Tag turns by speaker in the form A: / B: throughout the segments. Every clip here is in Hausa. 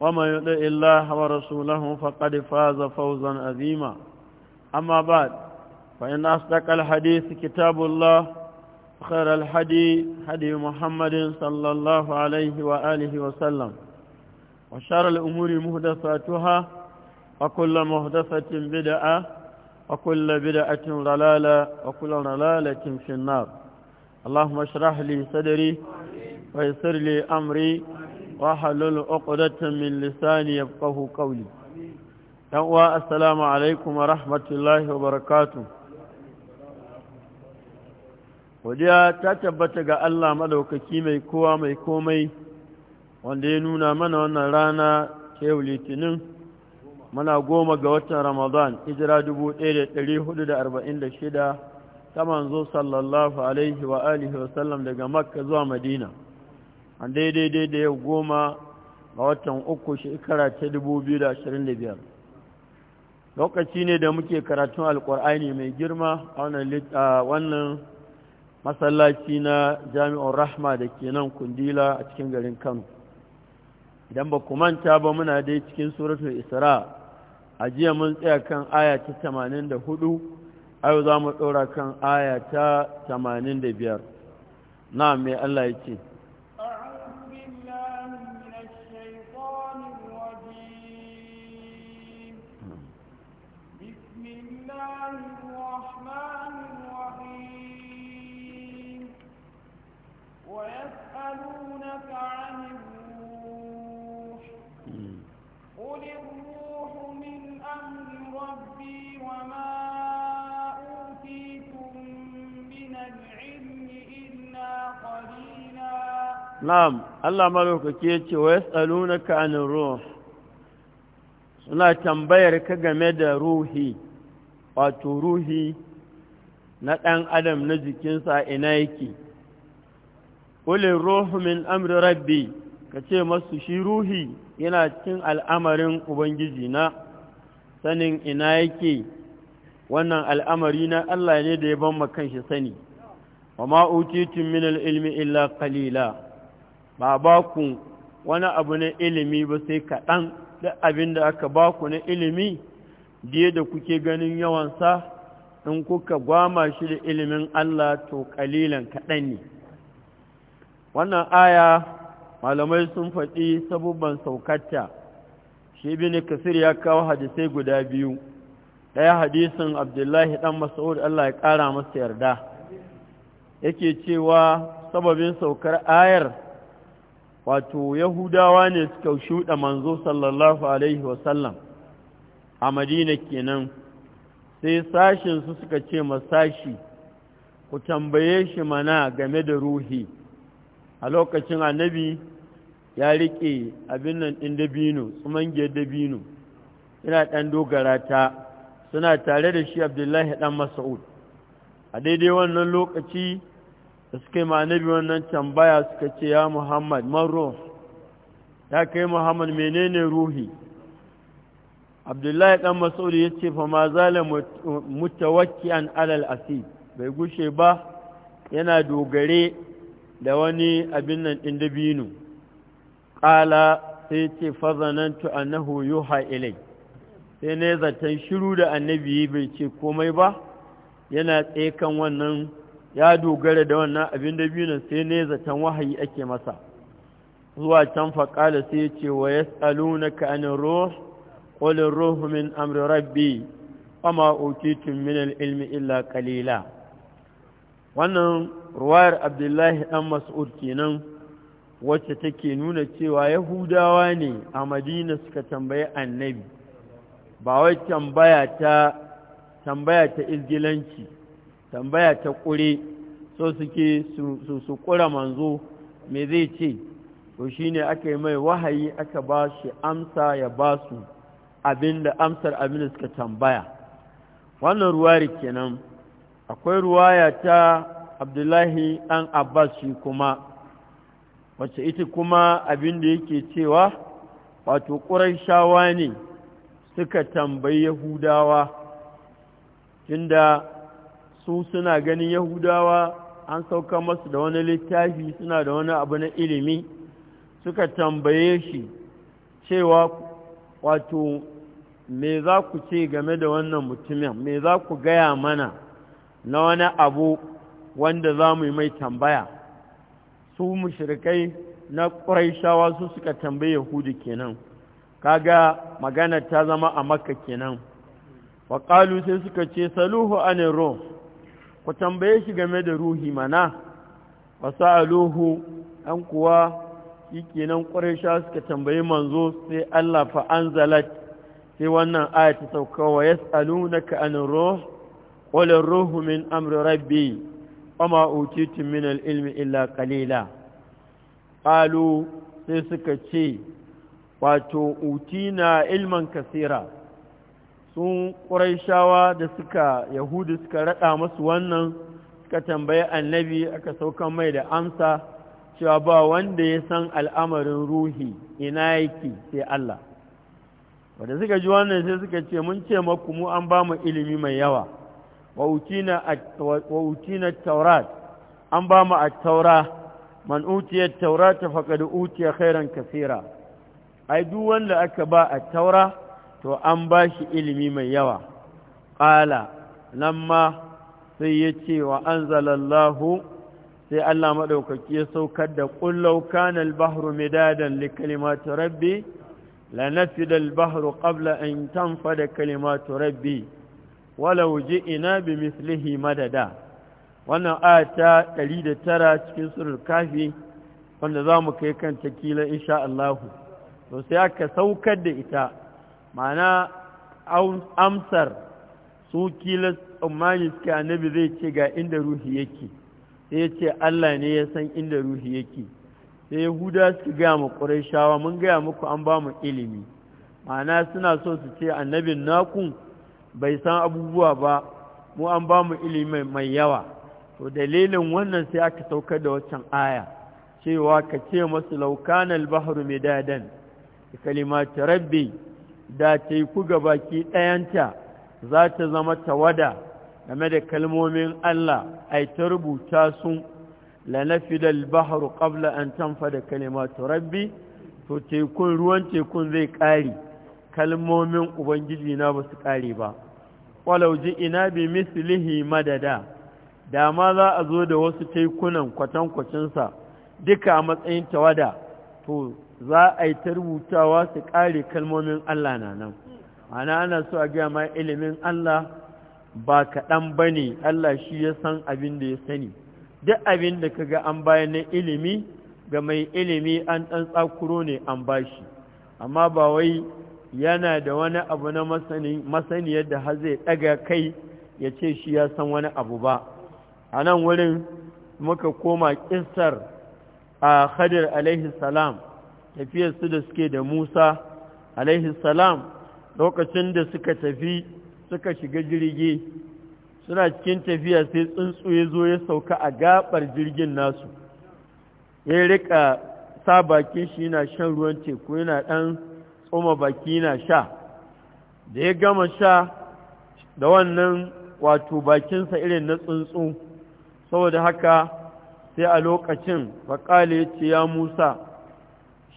A: ومن يطع الله ورسوله فقد فاز فوزا عظيما أما بعد فإن أصدق الحديث كتاب الله خير الحديث حديث محمد صلى الله عليه وآله وسلم وشر الأمور مهدثاتها وكل مهدثة بدعة وكل بدعة ضلالة وكل ضلالة في النار اللهم اشرح لي صدري ويسر لي أمري وحلل عقدة من لساني يفقه قولي يوى السلام عليكم ورحمة الله وبركاته وديا تتبت ga Allah madaukaki mai kowa mai komai wanda ya nuna mana wannan rana yau litinin muna goma ga watan Ramadan hijira 1446 ta manzo sallallahu alaihi wa alihi daga Makka zuwa Madina an daidai daidai yau goma a watan uku shekara ta biyar. lokaci ne da muke karatun alkur'ani mai girma a wannan masallaci na jami'ar rahma da ke nan kundila a cikin garin kano idan ba ku manta ba muna dai cikin suratun isra a jiya mun tsaya kan aya ta 84 ayo za mu ɗora kan aya ta 85 na mai allah ya ce na'am Allah malaukake ce wa na anir ruh suna tambayar ka game da ruhi wato ruhi na ɗan adam na jikinsa ina yake ƙulin ruhu min amri rabbi ka ce masu shi ruhi yana cikin al'amarin ubangiji na sanin ina yake wannan al'amari na Allah ne da ya ban makanshi sani wa tun min al'ilmi illa kalila ba ba ku wani abu na ilimi ba sai kaɗan da abin da aka ba ku na ilimi biye da kuke ganin yawansa in kuka gwama shi da ilimin Allah to ƙalilan kaɗan ne wannan aya malamai sun faɗi sabubban saukarta shi ne kasir ya kawo hadisai guda biyu ɗaya hadisin abdullahi ɗan mas'ud Allah ya ƙara masa yarda yake cewa sababin saukar ayar wato yahudawa ne suka shuɗa manzo sallallahu alaihi wasallam a madina kenan sai su suka ce masashi ku tambaye shi mana game da ruhi a lokacin annabi ya riƙe abin nan ɗin dabino tsumangiyar dabino ina ɗan dogara ta suna tare da shi abdullahi ɗan masa'ud a daidai wannan lokaci suka yi ma wannan tambaya suka ce ya muhammad maro ya kai muhammad menene ruhi abdullahi dan masauri ya ce fa ma zala an alal asi bai gushe ba yana dogare da wani abin nan din dabino qala sai ce fa zanantu annahu yuha ilai sai ne zaton shiru da annabi bai ce komai ba yana tsekan wannan ya dogara da wannan abin da biyu sai ne zaton wahayi ake masa zuwa can faƙala sai ce wa ya tsalo na ka'anin ruh ƙolin ruhu min amri rabbi amma tun min ilmi illa kalila wannan ruwayar abdullahi ɗan mas'ud kenan wacce take nuna cewa yahudawa ne a madina suka tambayi annabi ba wai tambaya ta tambaya ta izgilanci tambaya ta ƙure so suke su ƙura manzo me zai ce to shi ne aka yi mai wahayi aka ba shi amsa ya ba su abinda amsar abinda suka tambaya wannan ruwari kenan akwai ruwaya ta abdullahi an abbas shi kuma wacce ita kuma abin da yake cewa wato ƙurai shawa ne suka tambayi yahudawa tunda su suna ganin yahudawa an sauka masu da wani littafi suna da wani abu na ilimi suka tambaye shi cewa wato me za ku ce game da wannan mutumin me za ku gaya mana na wani abu wanda za mu yi mai tambaya su mushirikai na ƙuraishawa su suka tambaye yahudu kenan kaga magana ta zama a makka kenan waƙalu sai suka ce saluhu anin ruh ku tambaye shi game da ruhi mana Aluhu, an kuwa shikenan quraisha suka tambayi manzo sai Allah fa anzalat sai wannan aya ta sauka wa yas'alunaka an ruh qul ruhu min amri rabbi wama utitu min al-ilmi illa qalila qalu sai suka ce wato utina ilman kasira sun shawa da suka yahudu suka raɗa masu wannan suka tambayi annabi aka saukan mai da amsa cewa ba wanda ya san al'amarin ruhi ina yake sai Allah wanda suka ji wannan sai suka ce mun ce maku mu an ba mu ilimi mai yawa wa utina taurat an ba mu taura man utiya taurata faqad utiya khairan kaseera ai duk wanda aka ba a taura to an ba shi ilimi mai yawa ƙala nan ma sai ya ce wa an sai Allah maɗaukaki ya saukar da ƙullau kanal bahru midadan li kalimatu rabbi la bahru qabla an tanfada kalimatu rabbi walau ji'ina bi mislihi madada wannan aya ta tara cikin surul kafi wanda za mu kai kanta kila insha Allah to sai aka saukar da ita ma'ana amsar su kila tsammani suke annabi zai ce ga inda ruhi yake sai ya ce Allah ne ya san inda ruhi yake sai yahuda suka gaya ma ƙurashawa mun gaya muku an ba mu ilimi ma'ana suna so su ce annabin naku bai san abubuwa ba mu an ba mu ilimi mai yawa to dalilin wannan sai aka saukar da waccan aya cewa ka ce masu laukanal bahru midadan kalimatu rabbi da teku gabaki ɗayanta za ta zama tawada game da kalmomin Allah ai ta rubuta sun lanafida al-bahru qabla an tanfada kalimatu rabbi to tekun ruwan tekun zai ƙare kalmomin ubangiji na ba su ƙare ba walau ji ina bi mislihi madada da ma za a zo da wasu tekunan kwatankwacinsa duka a matsayin tawada to za a yi ta rubutawa su ƙare kalmomin Allah na nan ana ana so a gaya ma ilimin Allah ba kaɗan ba ne Allah shi ya san abin da ya sani duk abin da ka ga an bayan na ilimi ga mai ilimi an ɗan tsakuro ne an shi amma ba wai yana da wani abu na masaniyar da har zai ɗaga kai ya ce shi ya san wani abu ba a nan wurin muka koma ƙisar a khadir alaihi salam tafiyarsu da suke da Musa salam lokacin da suka tafi suka shiga jirgi suna cikin tafiya sai tsuntsu ya zo ya sauka a gabar jirgin nasu ya rika sa bakin shi yana shan ruwan teku yana ɗan tsoma baki yana sha da ya gama sha da wannan wato bakinsa irin na tsuntsu saboda haka sai a lokacin faƙali ya ce ya musa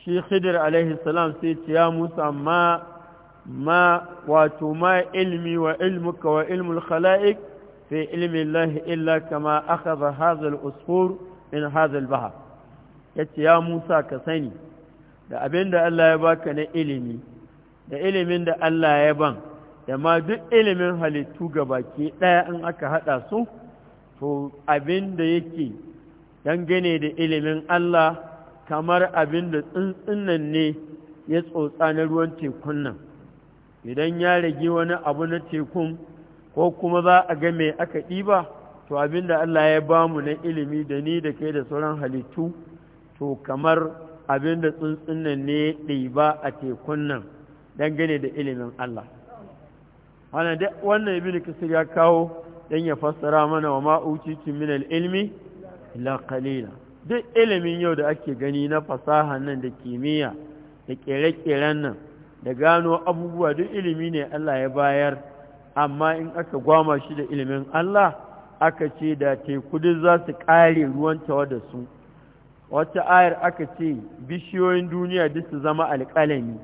A: shi khidir alaihi salam sai ce ya musa ma ma wato ma ilmi wa ilmuka wa ilmul khala'iq fi ilmi Allah illa kama akhadha hadha al-usfur min hadha al-bahr yace ya musa ka sani da abinda Allah ya baka na ilimi da ilimin da Allah ya ban da ma duk ilimin halittu gabaki daya in aka hada su to abinda yake dangane da ilimin Allah kamar abin da tsuntsunan ne ya tsotsa na ruwan tekun nan idan ya rage wani abu na tekun ko kuma za a ga mai aka ɗiba to abin da Allah ya ba mu na ilimi da ni da kai da sauran halittu to kamar abin da tsuntsunan ne ya ɗiba a tekun nan don gane da ilimin Allah wannan ibn kasir ya kawo don ya fassara mana wa ma'ucicin min ilimi ilmi la qalila duk ilimin yau da ake gani na fasaha nan da kimiyya da ƙere-ƙeren nan da gano abubuwa duk ilimi ne Allah ya bayar amma in aka gwama shi da ilimin Allah aka ce da teku duk za su ƙare ruwan tawa da su wata ayar aka ce bishiyoyin duniya duk su zama alƙalami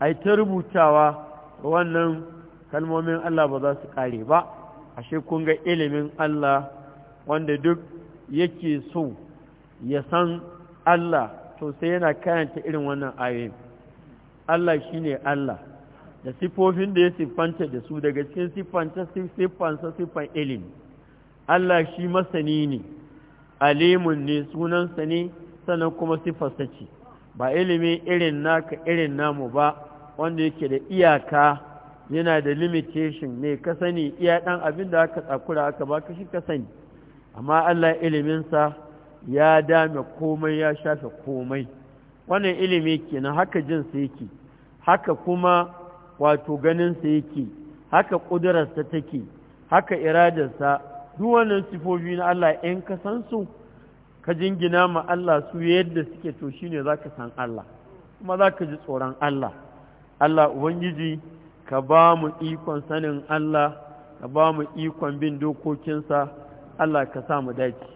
A: ai ta rubutawa wannan kalmomin Allah ba za su ƙare ba ashe kun ga ilimin Allah wanda duk yake so ya san Allah to sai yana karanta irin wannan ayoyin Allah shine Allah da sifofin da ya siffanta da su daga cikin siffanta siffansa siffan ilimi Allah shi masani ne alimun ne sunansa ne sannan kuma siffarsa ce ba ilimi irin naka irin namu ba wanda yake da iyaka yana da limitation ne ka sani iya ɗan abin da aka tsakura aka ka shi ka sani amma Allah iliminsa ya dame komai ya shafe komai wannan ilimi kenan haka jinsa yake haka kuma wato ganinsa yake haka ƙudurarsa take haka iradarsa duk wannan sifofi na Allah in ka san su ka jingina ma Allah su yadda suke to shine za ka san Allah kuma za ka ji tsoron Allah Allah Ubangiji ka ba mu ikon sanin Allah ka ba mu ikon bin dokokinsa Allah ka sa mu dace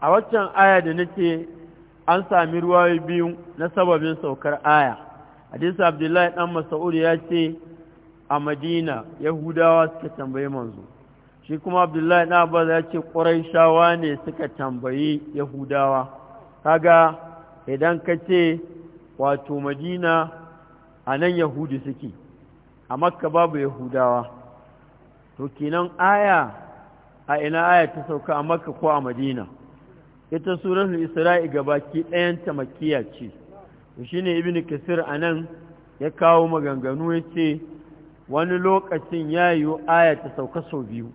A: a waccan aya da nake an sami ruwayoyi biyu na sababin saukar aya hadisi abdullahi dan mas'ud ya ce a madina yahudawa suka tambayi manzo shi kuma abdullahi dan abbas ya ce quraishawa ne suka tambayi yahudawa kaga idan ka ce wato madina a nan yahudi suke a makka babu yahudawa to kenan aya a ina aya ta sauka a makka ko a madina ita suratul isra'i ɗayan ta makiya ce shi ne ibn kasir a nan ya kawo maganganu ya ce wani lokacin ya yi aya ta sauka sau biyu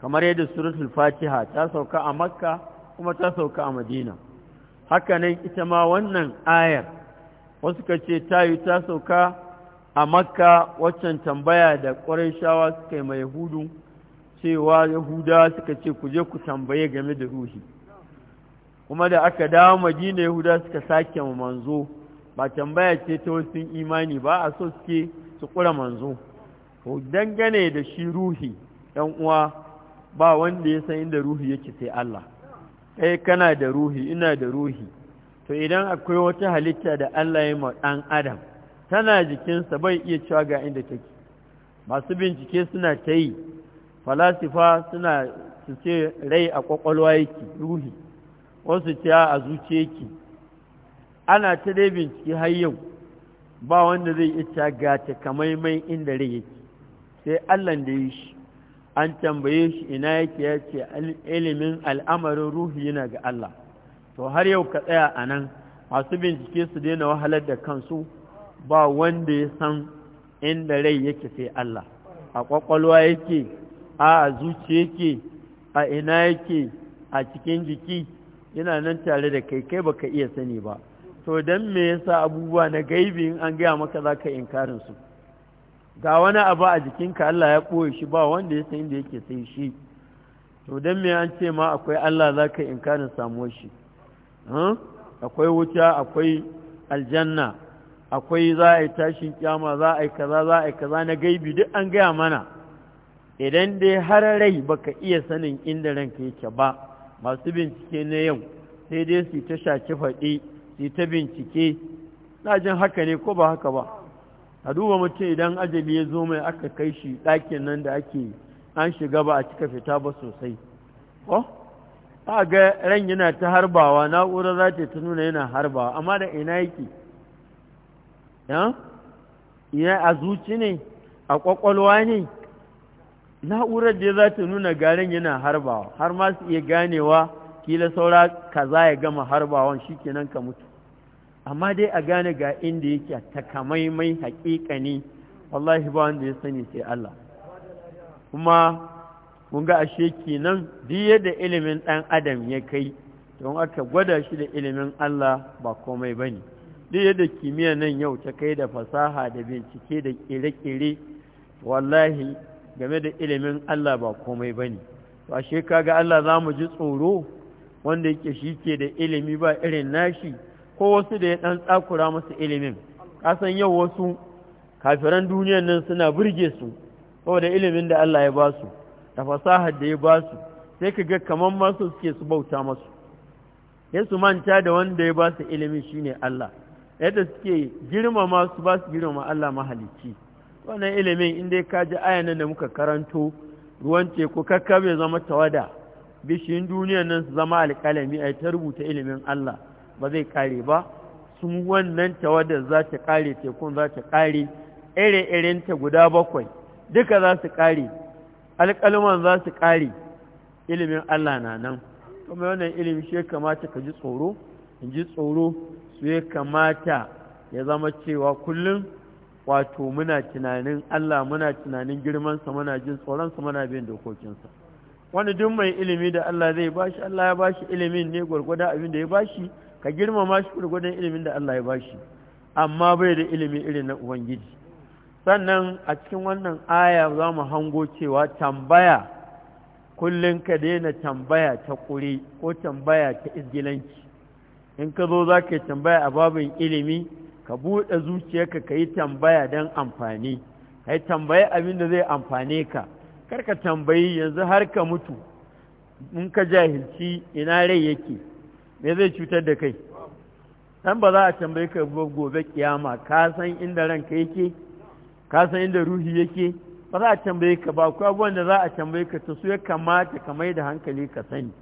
A: kamar yadda suratul fatiha ta sauka a makka kuma ta sauka a madina nan ita ma wannan ayar wasu ka ce ta yi ta sauka a makka waccan tambaya da ƙwarai shawa suka yi mai yahudu cewa Yahudawa suka ce ku je ku tambaye game da ruhi kuma da aka dawo madina yahuda suka sake mu manzo ba tambaya ce ta wasu imani ba a so suke su kura manzo to dangane da shi ruhi ɗan uwa ba wanda ya san inda ruhi yake sai Allah kai kana da ruhi ina da ruhi to idan akwai wata halitta da Allah ya ma ɗan adam tana jikinsa bai iya cewa ga inda take masu bincike suna ta yi falasifa suna su ce rai a kwakwalwa yake ruhi wasu ce a zuciya ki ana ta dai bincike har yau ba wanda zai iya ga ta mai inda rai yake sai allah da yi shi an tambaye shi ina yake ya ce ilimin al'amarin ruhi yana ga Allah to har yau ka tsaya a nan masu bincike su daina wahalar da kansu ba wanda ya san inda rai yake sai Allah a ƙwaƙwalwa yake a zuciya yake a ina yake a cikin jiki yana nan tare da kai kai baka iya sani ba to dan me yasa abubuwa na gaibi in an gaya maka za ka inkarin su ga wani abu a jikinka Allah ya ɓoye shi ba wanda ya san inda yake sai shi to don me an ce ma akwai Allah za ka inkarin samuwar shi akwai wuta akwai aljanna akwai za a yi tashin kyama za a yi kaza za a yi kaza na gaibi duk an gaya mana idan dai har rai baka iya sanin inda ranka yake ba masu bincike na yau sai dai su ta shaki faɗi su ta bincike na jin haka ne ko ba haka ba a duba mutum idan ajali ya zo mai aka kai shi ɗakin nan da ake an shiga ba a cika fita ba sosai ko a ga ran yana ta harbawa na'urar za ta ta nuna yana harbawa amma da ina yake ya a zuci ne a ƙwaƙwalwa ne na'urar da za ta nuna garin yana harbawa har ma su iya ganewa kila saura kaza ya gama harbawan shikenan ka mutu amma dai a gane ga inda yake takamaimai haƙiƙa ne wallahi ba wanda ya sani sai Allah kuma mun ga ashe kenan duk yadda ilimin ɗan adam ya kai don aka gwada shi da ilimin Allah ba komai ba ne duk yadda kimiyya nan yau ta kai da fasaha da bincike da ƙere-ƙere wallahi game da ilimin Allah ba komai ba ne ba shi kaga Allah za mu ji tsoro wanda yake shi ke da ilimi ba irin nashi ko wasu da ya ɗan tsakura masu ilimin kasan yau wasu kafiran duniyan nan suna burge su saboda ilimin da Allah ya ba su da fasahar da ya ba su sai ka ga kamar masu suke su bauta masu ya su manta da wanda ya ba su ilimin shine Allah yadda suke girmama su ba su girmama Allah mahalicci wannan ilimin in dai ka ji ayan da muka karanto ruwan teku kakka bai zama tawada bishiyin duniya nan su zama alƙalami a ta rubuta ilimin Allah ba zai kare ba su wannan tawadar za ta kare tekun za ta kare ire-irenta guda bakwai duka za su kare alƙaluman za su kare ilimin Allah na nan kuma wannan ilimin shi kamata ka ji tsoro in ji tsoro su ya kamata ya zama cewa kullum wato muna tunanin Allah muna tunanin girmansa muna jin tsoronsa muna bin dokokinsa wani duk mai ilimi da Allah zai bashi Allah ya bashi ilimin ne gwargwadon abin da ya bashi ka girmama shi gwargwadon ilimin da Allah ya bashi amma bai da ilimi irin na ubangiji sannan a cikin wannan aya za mu hango cewa tambaya kullum ka daina tambaya ta kuri ko tambaya ta izgilanci in ka zo za ka yi tambaya a babin ilimi ka buɗe zuciyarka ka yi tambaya don amfani ka yi tambayi abin da zai amfane ka kar ka tambayi yanzu har ka mutu in ka jahilci ina rai yake me zai cutar da kai dan ba za a tambayi ka gobe kiyama ka san inda ranka yake ka san inda ruhi yake ba za a tambaye ka ba akwai abubuwan da za a tambaye ka ta su ya kamata ka mai da hankali ka sani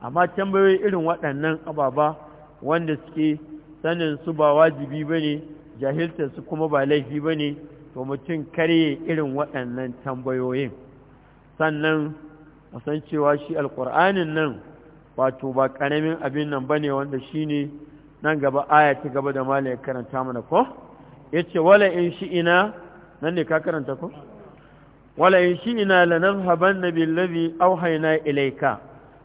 A: amma tambayoyi irin waɗannan ababa wanda suke sanin su ba wajibi ba ne su kuma ba laifi ba ne, to mutum kare irin waɗannan tambayoyin sannan san cewa shi alƙur'anin nan wato ba ƙaramin abin nan ba ne wanda shi ne, nan gaba aya ta gaba da mala ya karanta mana ko ce, wala in shi ina nan ne ka karanta ko wala in shi ina haban lanazhabanna billazi auhayna ilaika.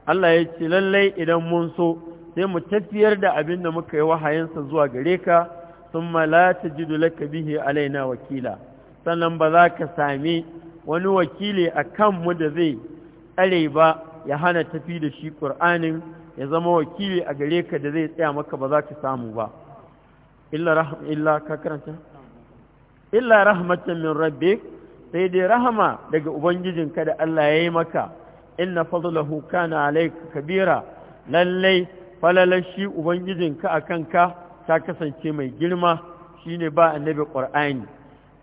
A: Allah ya ce lallai idan mun so sai mu tafiyar da abin da muka yi wahayinsa zuwa gare ka sun la dole ka bihe alaina wakila sannan ba za ka sami wani wakili a kanmu da zai tsare ba ya hana tafi da shi ƙur'anin ya zama wakili a gare ka da zai tsaya maka ba za ka samu ba illa rahmatan min rabbi sai dai rahama daga ubangijinka da Allah ya yi maka inna fadlahu kana alayka kabira lallai falalar shi ubangijinka a kanka ta kasance mai girma shine ba annabi ƙur'ani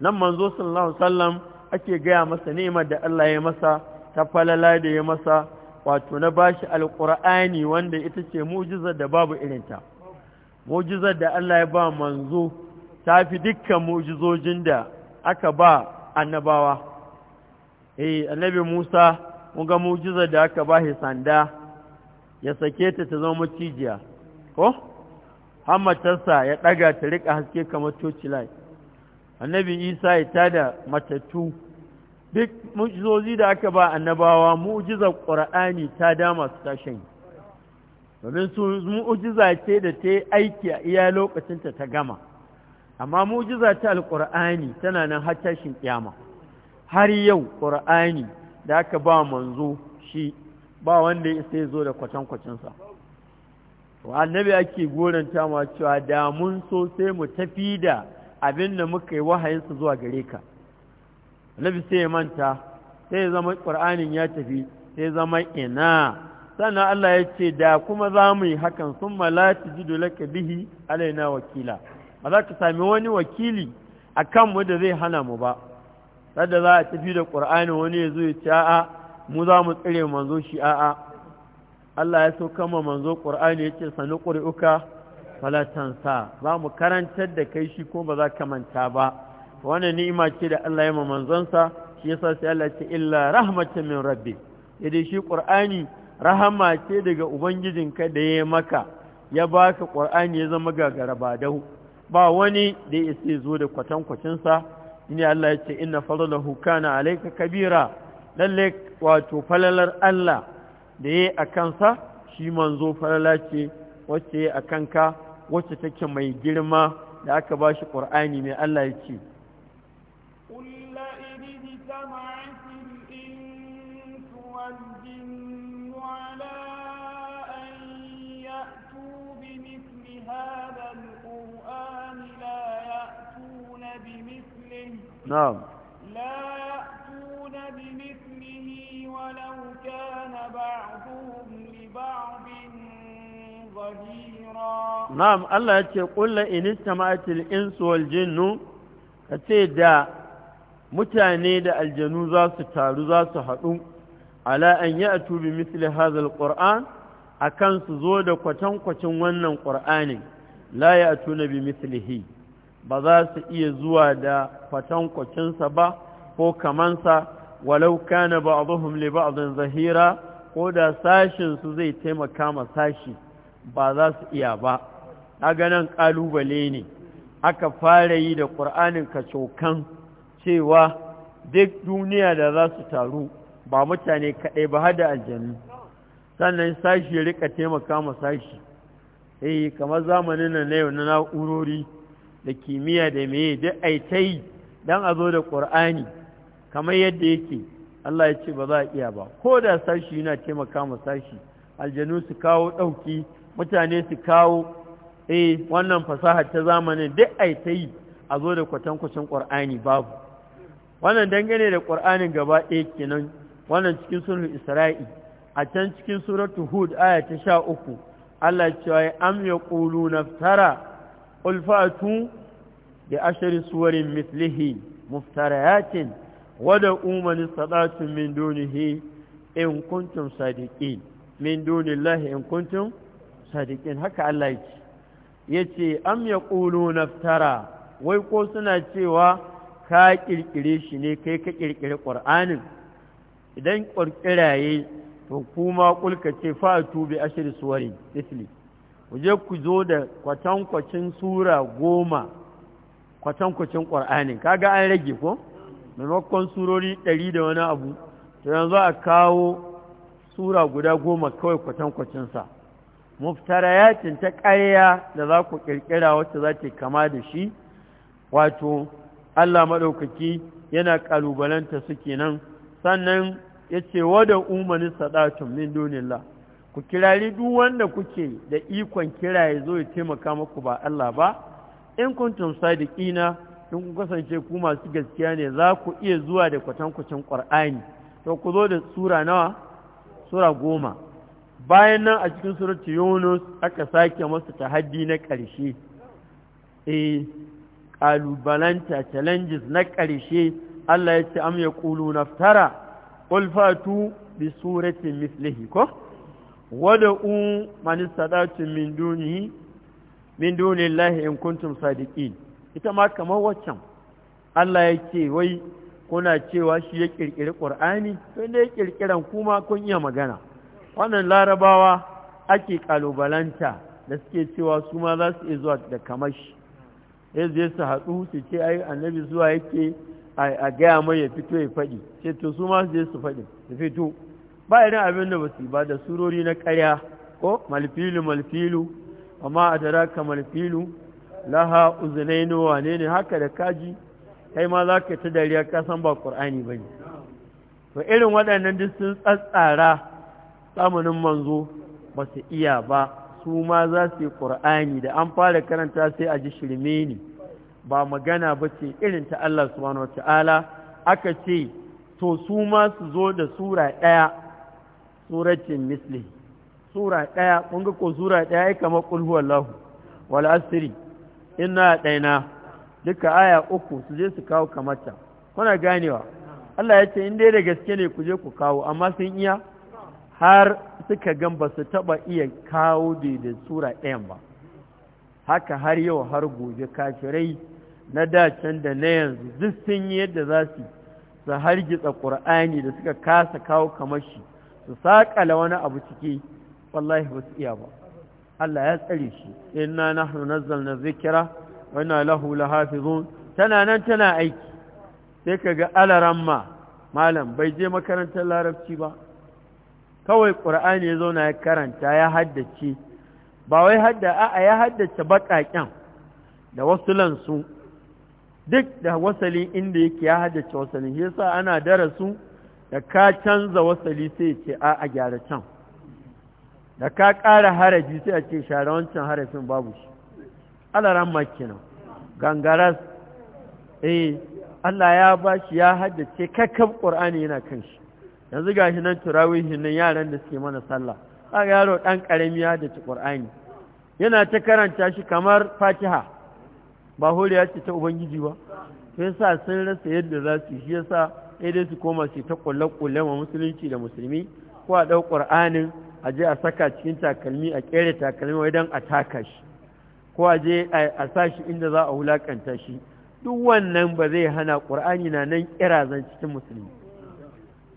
A: nan manzo sallallahu sallam ake gaya masa nema da Allah ya masa ta falala da ya masa wato na bashi alƙur'ani wanda ita ce mu'jizar da babu irinta mu'jizar da Allah ya ba manzo ta fi dukkan mu'jizojin da aka ba annabawa eh annabi Musa mun ga mu'jizar da aka ba shi sanda ya sake ta ta zama macijiya ko hammatarsa ya ɗaga ta riƙa haske kamar tocilai annabi isa ya tada matattu duk mu'jizozi da aka ba annabawa mu'jizar ƙur'ani ta dama su tashin domin su mu'jiza ce da ta yi aiki a iya lokacinta ta gama amma mu'jiza ta alƙur'ani tana nan har tashin ƙyama har yau ƙur'ani da aka ba manzo shi ba wanda ya sai zo da kwatankwacinsa Wa annabi ake goranta ma cewa da mun so sai mu tafi da abin da muka yi wahayinsa zuwa gare ka annabi sai ya manta sai ya zama ƙur'anin ya tafi sai zama ina sannan Allah ya ce da kuma za mu yi hakan sun malati jido laka bihi alaina wakila ba za ka sami wani wakili a kanmu da zai hana mu ba sadda za a tafi da ƙur'ani wani ya zo ya ce a'a mu za mu tsire manzo shi a'a Allah ya so kama manzo Qur'ani yace sanu qur'uka fala tansa za mu karantar da kai shi ko ba za ka manta ba wannan ni'ima ce da Allah ya ma manzon sa shi yasa sai Allah ce illa rahmatan min rabbi idan shi Qur'ani rahama ce daga ubangijin ka da ya maka ya baka Qur'ani ya zama gagara ba ba wani da ya zo da kwatankwacin sa ni Allah ya ce inna fadlahu kana alayka kabira lalle wato falalar Allah da ya a kansa shi manzo falala ce wacce ya a kanka wacce take mai girma da aka ba shi ƙur'ani mai Allah ya ce نعم na'am Allah ya ce ƙulla inittama'atil insu wal jinnu ka ce da mutane da aljanu za su taru za su haɗu ala an yi a tubi misli hazal ƙur'an a kan su zo da kwatankwacin wannan ƙur'anin la ya tuna bi mislihi ba za su iya zuwa da kwatankwacinsa ba ko kamansa walau kana ba'dhum li ba'dhin zahira ko da sashinsu su zai taimaka ma sashi ba za su iya ba Na nan ƙalubale ne aka fara yi da ƙur'anin kacokan cewa duk duniya da za su taru ba mutane kaɗai ba hada aljanu sannan sashi ya rika taimaka ma sashi eh kamar zamanin nan na yau na na'urori da kimiyya da meye duk ai ta yi don a zo da ƙur'ani kamar yadda yake Allah ya ce ba za a iya ba ko da sashi yana taimaka ma sashi aljanu su kawo ɗauki mutane su kawo eh wannan fasaha ta zamanin duk ai ta yi a zo da kwatankwacin ƙur'ani babu wannan dangane da ƙur'anin gaba ɗaya kenan wannan cikin sulhu isra'i a can cikin suratu hud aya ta sha uku allah cewa ya am ya ƙulu naftara ulfatu da ashari suwarin mislihi muftarayatin wada umani sadatun min dunihi in kuntum sadiqin min dunillahi in kuntum sadiqin haka allah ya ce ya ce am ya ƙulu naftara wai ko suna cewa ka ƙirƙire shi ne kai ka ƙirƙire ƙur'anin idan ƙirƙiraye to kuma ƙulka ce fa'atu bi ashir suwari isli ku je ku zo da kwatankwacin sura goma kwatankwacin ƙur'anin kaga an rage ko maimakon surori ɗari da wani abu to yanzu a kawo sura guda goma kawai kwatankwacinsa muftarayatin ta ƙarya da za ku ƙirƙira wacce za ta kama da shi wato Allah maɗaukaki yana ƙalubalanta suke nan. sannan ya ce wadda umarni sadatun min dunillah ku kirari duk wanda kuke da ikon kira ya zo ya taimaka maku ba Allah ba in kuntum sadiqina in ku kasance ku masu gaskiya ne za ku iya zuwa da kwatankwacin ƙwar'ani to ku zo da sura nawa sura goma bayan nan a cikin suratu yunus aka sake masa ta haddi na ƙarshe eh ƙalubalanta challenges na ƙarshe Allah ya ce am ya ƙulu naftara ƙulfatu bi suratin mislihi ko wada un manisadatun min min duni lahi in kuntum sadiqin ita ma kamar waccan Allah ya ce wai kuna cewa shi ya ƙirƙiri ƙur'ani to inda ya ƙirƙiran kuma kun iya magana wannan larabawa ake kalubalanta da suke cewa su ma za su iya zuwa da kamashi ya zai su haɗu su ce ai annabi zuwa yake a gaya mai ya fito ya faɗi ce to su ma zai su faɗi su fito ba irin abin da ba su ba da surori na ƙarya ko malfilu malfilu amma a dara ka malfilu laha uzunainu wane ne haka da kaji kai ma za ka ta dariya ka san ba ƙur'ani ba ne to irin waɗannan duk sun tsatsara zamanin manzo ba su iya ba su ma za su yi ƙur'ani da an fara karanta sai a ji shirme ne ba magana ba ce irin ta Allah subhanahu wa ta'ala aka ce to su ma su zo da sura ɗaya suratin misli sura ɗaya kun ko sura ɗaya ya kama ƙulhu Allah wal asri inna ɗaina duka aya uku su je su kawo kamata kuna ganewa Allah ya ce in dai da gaske ne ku je ku kawo amma sun iya har suka gan ba su taɓa iya kawo da tsura ɗayan ba haka har yau har gobe kafirai na dacen da na yanzu duk sun yi yadda za su su hargitsa ƙur'ani da suka kasa kawo kamar shi su saƙala wani abu ciki wallahi ba su iya ba Allah ya tsare shi inna nahnu nazzalna zikra wa inna lahu lahafizun tana nan tana aiki sai kaga alaramma malam bai je makarantar larabci ba kawai ƙura'ani ya zauna ya karanta ya haddace ba wai hadda a'a ya haddace baƙaƙen da wasulansu duk da wasali inda yake ya haddace wasali shi yasa ana darasu da ka canza wasali sai ce a'a gyara can da ka ƙara haraji sai a ce share wancan harafin babu shi alaran makina gangaras eh Allah ya ba shi ya haddace kakkab ƙur'ani yana kan shi yanzu ga shi nan shi nan yaran da suke mana sallah a yaro ɗan ƙaramiya da ci ƙur'ani yana ta karanta shi kamar fatiha ba horiya ce ta ubangiji ba to yasa sun rasa yadda za su shi yasa sai dai su koma su ta ƙulle-ƙulle ma musulunci da musulmi ko a ɗau ƙur'anin a je a saka cikin takalmi a ƙere takalmi wai don a taka shi ko a je a sa shi inda za a wulaƙanta shi duk wannan ba zai hana ƙur'ani na nan ƙirazan cikin musulmi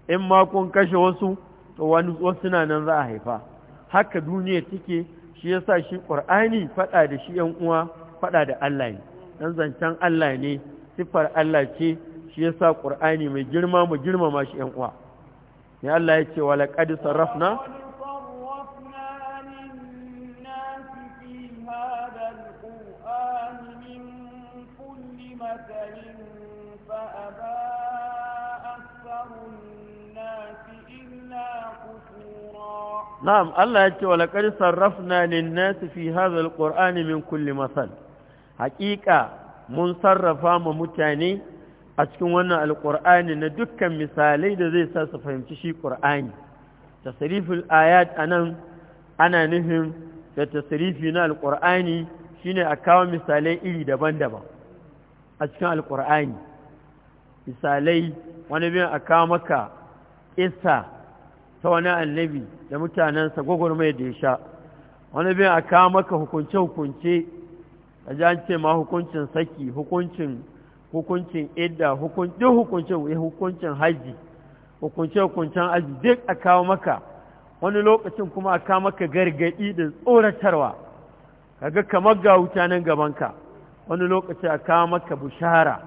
A: in ma kun kashe wasu to wani wasu na nan za a haifa haka duniya take shi yasa shi qur'ani fada da shi yan uwa fada da Allah ne dan zancen Allah ne sifar Allah ce shi yasa qur'ani mai girma mu girmama shi yan uwa ne Allah ya ce wa laqad sarrafna na'am Allah ya ce wa laqad sarrafna lin-nasi fi hadha al min kulli masal haƙiƙa mun sarrafa ma mutane a cikin wannan alqur'ani na dukkan misalai da zai sa su fahimci shi qur'ani tasriful ayat nan ana nufin da tasrifi na alqur'ani shine a kawo misalai iri daban-daban a cikin alqur'ani misalai wani biyan a kawo maka isa ta wani annabi da mutanensa gwagwarmai da ya sha wani bin a kawo maka hukunce-hukunce a ji an ce ma hukuncin saki hukuncin hukuncin idda hukuncin hukuncin hukuncin haji hukunce-hukuncen aji duk a kawo maka wani lokacin kuma a kawo maka gargaɗi da tsoratarwa kaga kamar ga wuta nan gabanka wani lokaci a kawo maka bushara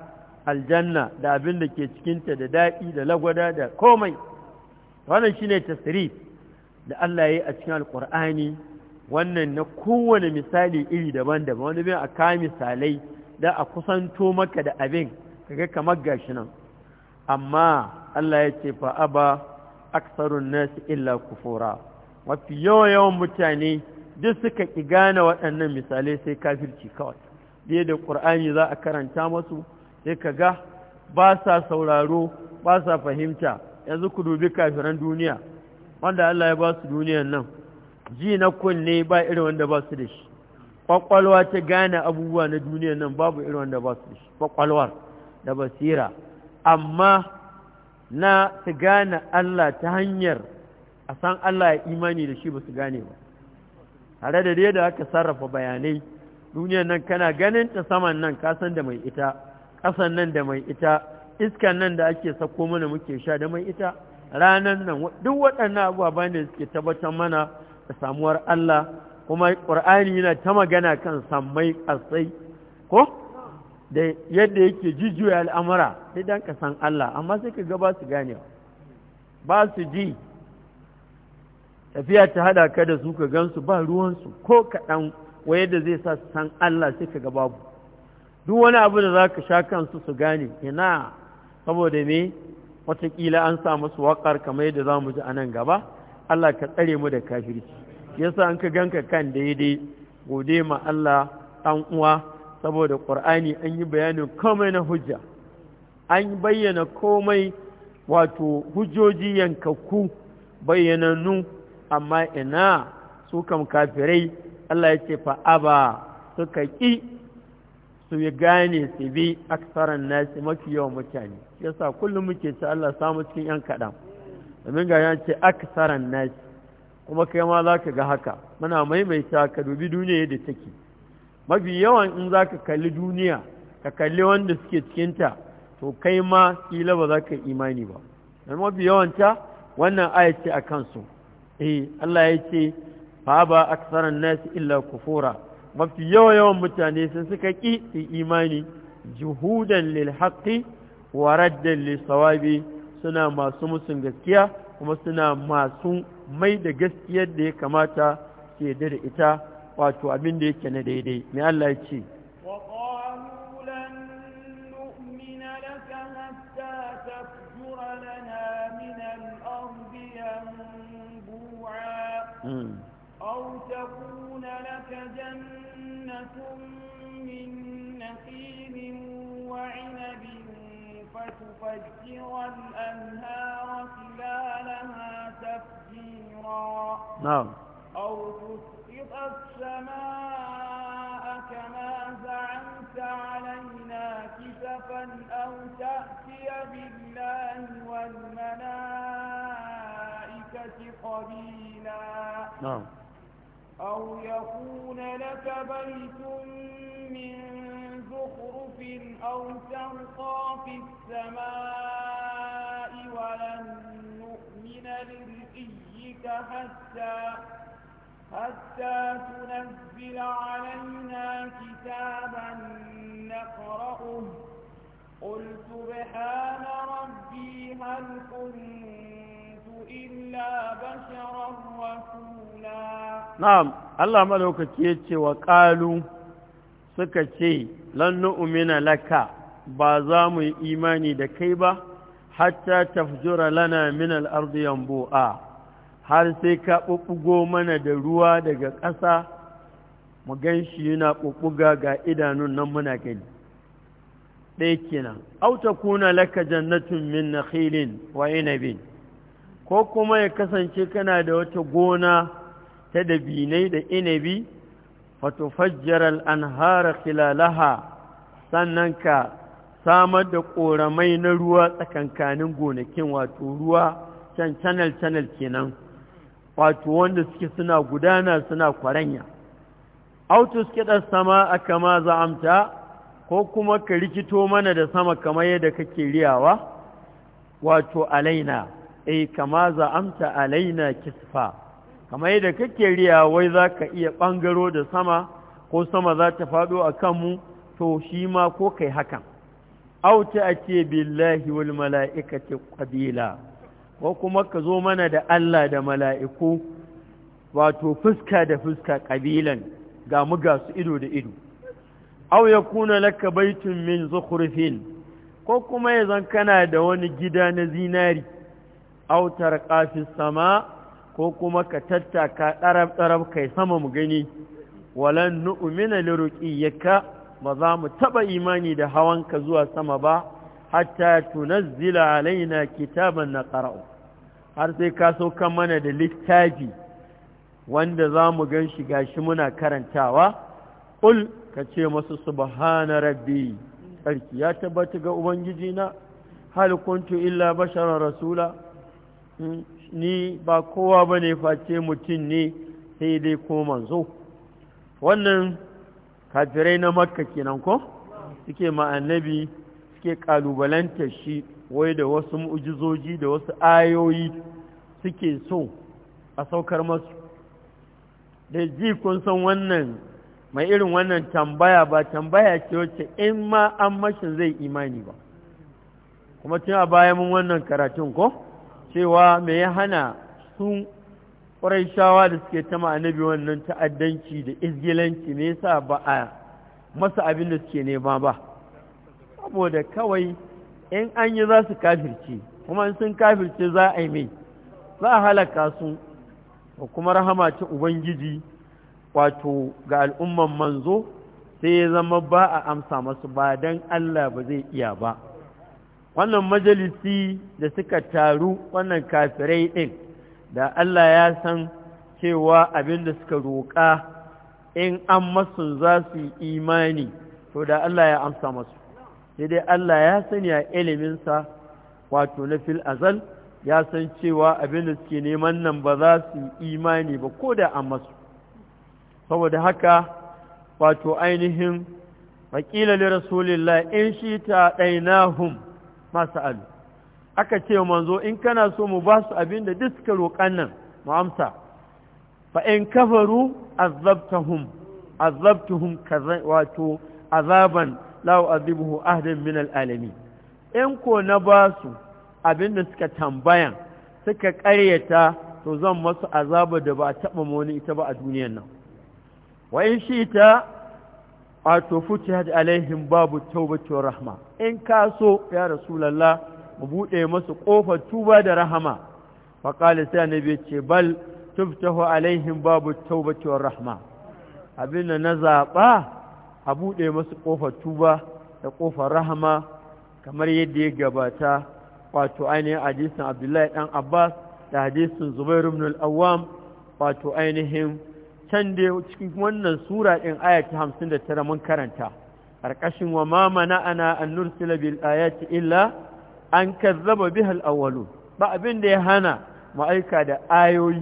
A: aljanna da abin da ke cikinta da daɗi da lagwada da komai wannan shine tasrif da Allah ya yi a cikin alkur'ani wannan na kowane misali iri daban-daban wani bin a misalai da a kusanto maka da abin kaga kamar gashi nan amma Allah ya ce fa aba aksarun nasi illa kufura mafi yawan yawan mutane duk suka ki gane waɗannan misalai sai kafirci kawai dai da ƙur'ani za a karanta masu sai ka ga ba sa sauraro ba sa fahimta yanzu ku dubi kafiran duniya wanda Allah ya ba su duniyan nan ji na kunne ba irin wanda ba su da shi kwakwalwa ta gane abubuwa na duniyan nan babu irin wanda ba su da shi kwakwalwar da basira amma na su gane Allah ta hanyar a san Allah ya imani da shi ba su gane ba tare da dai da aka sarrafa bayanai duniyan nan kana ganin ta saman nan kasan da mai ita kasan nan da mai ita iskan nan da ake sako mana muke sha da mai ita ranan nan duk waɗannan abuwa ba ne suke tabbatar mana da samuwar Allah kuma ƙur'ani yana ta magana kan sammai ƙasai ko da yadda yake jijjuya al'amura sai dan ka san Allah amma sai ka ga ba su gane ba su ji tafiya ta haɗa ka da su ka gansu ba ruwansu ko kaɗan waye da zai sa su san Allah sai ka ga babu duk wani abu da za ka sha kansu su gane ina saboda me watakila an sa musu waƙar kamar yadda za mu ji a nan gaba Allah ka tsare mu da kafirci yasa an ka ganka kan daidai gode ma Allah ɗan uwa saboda ƙur'ani an yi bayanin komai na hujja an bayyana komai wato hujjoji bayyana nu, amma ina su kam kafirai Allah ya ce fa'aba suka ƙi su ya gane su bi aksaran nasi mafi yawan mutane ya sa kullum muke ce Allah samu cikin yan kaɗan domin ga yan ce aksaran nasi kuma kai ma za ka ga haka muna maimaita ka dubi duniya da take mafi yawan in za ka kalli duniya ka kalli wanda suke cikinta to kai ma kila ba za ka imani ba don mafi yawanta wannan aya ce a kansu eh Allah ya ce fa ba aksaran nasi illa kufura mafi yawa yawan mutane sun suka ƙi su imani juhudan lil haƙi wa raddan lil sawabi suna masu musun gaskiya kuma suna masu mai da gaskiyar da ya kamata ke da ita wato abin da yake na daidai mai Allah ya ce
B: Mm. أو تكون لك جنة من نخيل وعنب فتفجر
A: الأنهار خلالها تفجيرا نعم أو
B: تسقط السماء كما زعمت علينا كسفا أو تأتي بالله والملائكة قبيلا نعم أو يكون لك بيت من زخرف أو ترقى في السماء ولن نؤمن لرقيك حتى حتى تنزل علينا كتابا نقرأه قل سبحان ربي هل كنت إلا بشرا رسولا
A: نعم الله ملوك كيتي وقالوا سكتي لن نؤمن لك بازام إيماني دكيبة حتى تفجر لنا من الأرض ينبوءا har sai ka ɓuɓɓugo mana da ruwa daga ƙasa mu gan shi yana ɓuɓɓuga ga idanun nan muna gani ɗaya kenan auta kuna laka jannatin min nakhilin wa inabin ko kuma ya kasance kana da wata gona ta dabinai da inabi fatufajjar anhara khilalaha sannan ka samar da ƙoramai na ruwa tsakankanin gonakin wato ruwa can canal-canal kenan wato wanda suke suna gudana suna kwaranya suke ɗan sama a kama za'amta ko kuma ka rikito mana da sama kamar yadda kake riyawa wato alaina E, kama za amta alaina kisfa kama yadda kake riya wai za ka iya ɓangaro da sama ko sama za ta faɗo a kanmu to shi ma ko kai hakan auta a ce billahi wal mala'ikati ƙadila ko kuma ka zo mana da Allah da mala'iku wato fuska da fuska ƙabilan ga mu su ido da ido au ya kuna laka baitun min zukhrifin ko kuma ya zan kana da wani gida na zinari autar kafin sama ko kuma ka tattaka ɗarab-ɗarab kai sama mu gani walan nu'mina liruqiyyaka ba za mu taɓa imani da hawan ka zuwa sama ba hatta tunzila alaina kitaban na har sai ka so kan mana da littafi wanda za mu gan shi gashi muna karantawa ul ka ce masu subhana rabbi Sarki ya tabbata ga Ubangiji ubangijina hal kuntu illa basharan rasula ni ba kowa ba ne face mutum ne sai dai ko manzo wannan kafirai na makka kenan ko suke ma'annabi suke kalubalanta shi wai da wasu mu'ujizoji da wasu ayoyi suke so a saukar masu da ji kun san wannan mai irin wannan tambaya ba tambaya ce wacce in ma an mashin zai imani ba kuma tun a bayan mun wannan karatun ko cewa me ya hana sun shawa da suke ta annabi wannan ta'addanci da izgilanci ne yasa ba a masa abin da suke nema ba saboda kawai in an yi za su kafirce kuma in sun kafirce za a yi mai za a halaka su kuma rahama ta ubangiji wato ga al'umman manzo sai ya zama ba a amsa masu ba don allah ba zai iya ba wannan majalisi da suka taru wannan kafirai ɗin da Allah ya san cewa abin da suka roƙa in an masu za su yi imani to da Allah ya amsa masu sai dai Allah ya sani a iliminsa wato na fil azal ya san cewa abin da suke neman nan ba za su yi imani ba ko da an masu saboda haka wato ainihin wakilalin rasulillah in shi ta ɗainahun masu alu aka ce manzo in kana so mu ba su abin da duk roƙan nan mu amsa fa in kafaru azabtahum azabtuhum wato azaban la u'adhibuhu ahadan min al'alamin in ko na ba su abin da suka tambayan suka ƙaryata to zan masu azaba da ba a taɓa wani ita ba a duniyan nan wa in shi ta Wato tofuci hajji alaihim babu taubacin rahma in ka so ya rasulullah mu buɗe masu ƙofar tuba da rahama faƙali sai annabi ce bal tuftahu alaihim babu taubacin rahma abin da na zaɓa a buɗe masu ƙofar tuba da ƙofar rahama kamar yadda ya gabata wato ainihin hadisin abdullahi ɗan abbas da hadisin zubairu ibn al-awwam wato ainihin can da cikin wannan sura ɗin aya hamsin da tara mun karanta ƙarƙashin wa ma mana ana an nursila bil ayati illa an kazzaba bihal awwalu ba abin da ya hana maaika da ayoyi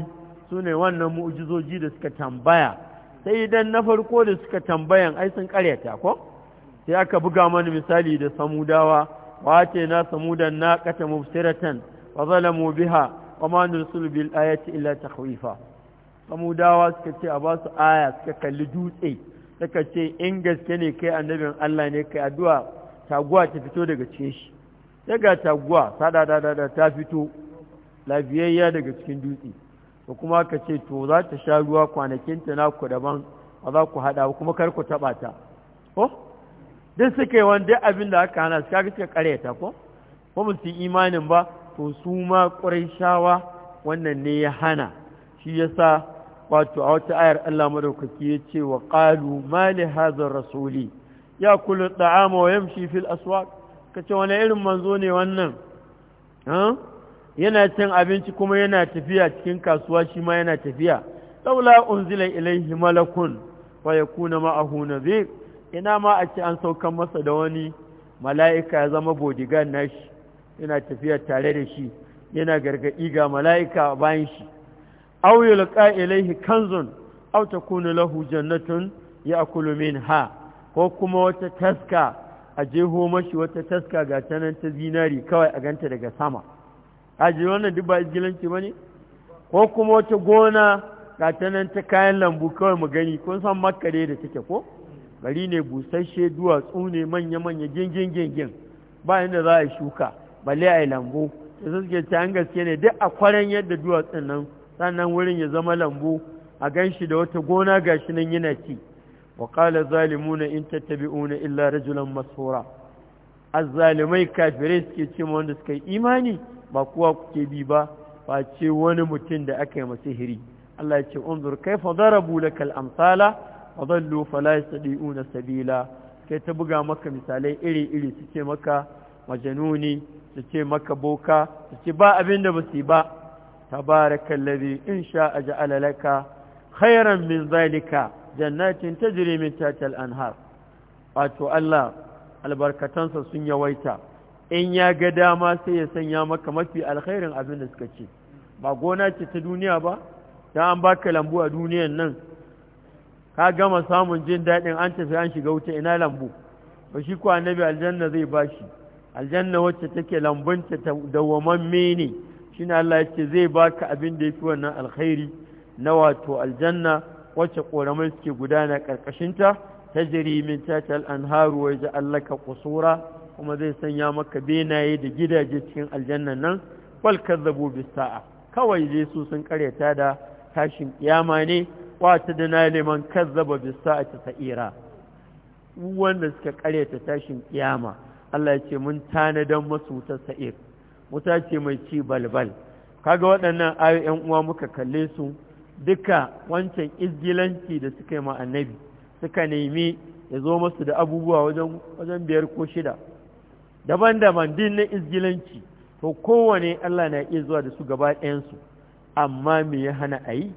A: sune wannan mu'jizoji da suka tambaya sai idan na farko da suka tambayan ai sun ƙaryata ko sai aka buga mani misali da samudawa wa ce na samudan na kata mubsiratan wa zalamu biha wa ma nursilu bil ayati illa takhwifa samudawa suka ce a ba su aya suka kalli dutse suka ce in gaske ne kai annabin Allah ne kai addu'a taguwa ta fito daga cikin shi sai ga taguwa ta da ta fito lafiyayya daga cikin dutse da kuma ka ce to za ta sha ruwa ta na ku daban ba za ku haɗa ba kuma kar ku taɓa ta ko duk suka yi wani abin da aka hana su kaga suka ta ko ko mu su imanin ba to su ma ƙurai shawa wannan ne ya hana shi yasa wato a wata ayar Allah madaukaki ya ce wa ƙalu ma li rasuli ya kula ta'ama wa yamshi fil aswaq kace wani irin manzo ne wannan yana cin abinci kuma yana tafiya cikin kasuwa shi ma yana tafiya laula unzila ilaihi malakun wa yakuna ma'ahu nadhir ina ma a ce an saukan masa da wani mala'ika ya zama bodyguard shi. yana tafiya tare da shi yana gargadi ga mala'ika bayan shi aw yulqa ilayhi kanzun aw takunu lahu jannatun ya'kulu minha ko kuma wata taska a mashi wata taska ga tanan ta zinari kawai a ganta daga sama aje wannan duk ba izgilanci bane ko kuma wata gona ga tanan ta kayan lambu kawai mu gani kun san makka da take ko gari ne busasshe duwatsu ne manya-manya gingin gingin ba inda za a shuka balle a yi lambu da suke ta gaske ne duk a kwaran yadda duwatsun nan sannan wurin ya zama lambu a ganshi da wata gona ga shi nan yana ci wa qala zalimuna in tattabi'una illa rajulan masura azzalimai kafirai suke ce wanda suka yi imani ba kowa kuke bi ba ba ce wani mutum da aka yi masihiri Allah ya ce unzur kaifa darabu lakal amsala wa dallu fala yastadi'una sabila kai ta buga maka misalai iri-iri su ce maka majanuni su ce maka boka su ce ba abin da ba su yi ba تبارك الذي إن شاء جعل لك خيرا من ذلك ta تجري من تحت الأنهار wato Allah albarkatansa sun yawaita in ya ga dama sai ya sanya maka mafi alkhairin abin da suka ce ba gona ce ta duniya ba ta an baka lambu a duniyan nan ka gama samun jin daɗin an tafi an shiga wuta ina lambu ba shi ko annabi aljanna zai bashi aljanna wacce take lambunta dawwamamme ne shine Allah ya ce zai baka abin da yafi wannan alkhairi na wato aljanna wacce koramai suke gudana ta ta min tatal anharu wa Allah laka qusura kuma zai sanya maka benaye da gidaje cikin aljannan nan wal kadzabu sa'a kawai dai su sun karyata da tashin kiyama ne wata da na liman kazzaba bis sa'ati sa'ira wanda suka karyata tashin kiyama Allah ya ce mun tanadan masu ta sa'ir wuta ce mai ci balbal kaga waɗannan ayoyin uwa muka kalle su duka wancan izgilanci da suka yi ma annabi suka nemi ya zo masu da abubuwa wajen biyar ko shida daban-daban din na izgilanci to kowane Allah na iya zuwa da su gaba ɗayansu amma me ya hana a yi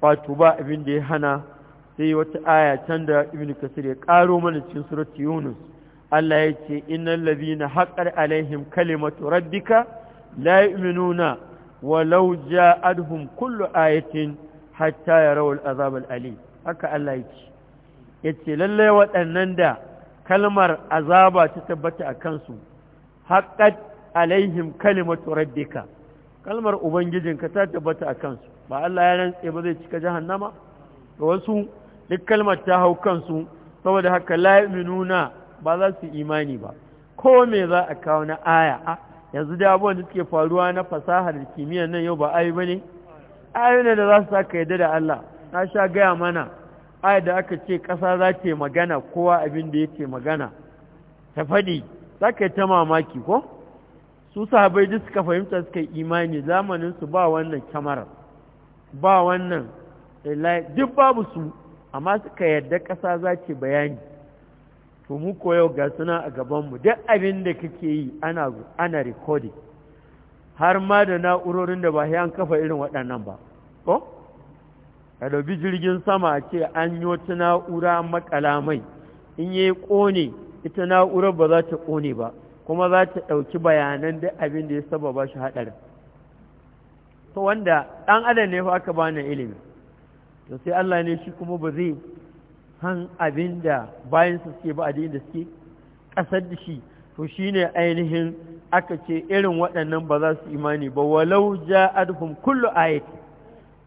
A: wato ba abin da ya hana sai wata aya can da ibn kasir ya ƙaro mana cikin surat yunus Allah ya ce innal ladhina haƙar alaihim kalimatu rabbika la yu'minuna walau ja'adhum kullu ayatin hatta ya rawar al-alim haka Allah ya ce yace lallai waɗannan da kalmar azaba ta tabbata a kansu haqqat alaihim kalimatu rabbika kalmar ubangijinka ta tabbata a kansu ba Allah ya rantse ba zai cika jahannama ga wasu duk kalmar ta hau kansu saboda haka la ba za su imani ba ko me za a kawo na aya a yanzu da abubuwan da suke faruwa na fasahar kimiyyar nan yau ba ayi ba ne ne da za su saka yadda da Allah na sha gaya mana aya da aka ce ƙasa za ta magana kowa abin da ya yake magana ta faɗi za ka yi ta mamaki ko su sahabai duk suka fahimta suka yi imani zamanin su ba wannan kyamarar ba wannan eh, duk babu su amma suka yadda ƙasa za ce bayani to mu koyo ga suna a gabanmu duk abin da kake yi ana ana recording har ma da na'urorin da ba an kafa irin waɗannan ba ko ka dauki jirgin sama a ce an yi wata na'ura makala mai in yi ƙone ita na'urar ba za ta ƙone ba kuma za ta ɗauki bayanan duk abin da ya ba shi haɗarin to wanda ɗan adam ne fa aka bani ilimi to sai Allah ne shi kuma ba zai han abin da bayansu suke ba addini da suke ƙasar da shi to shi ne ainihin aka ce irin waɗannan ba za su imani ba walau ja'adhum kullu ayat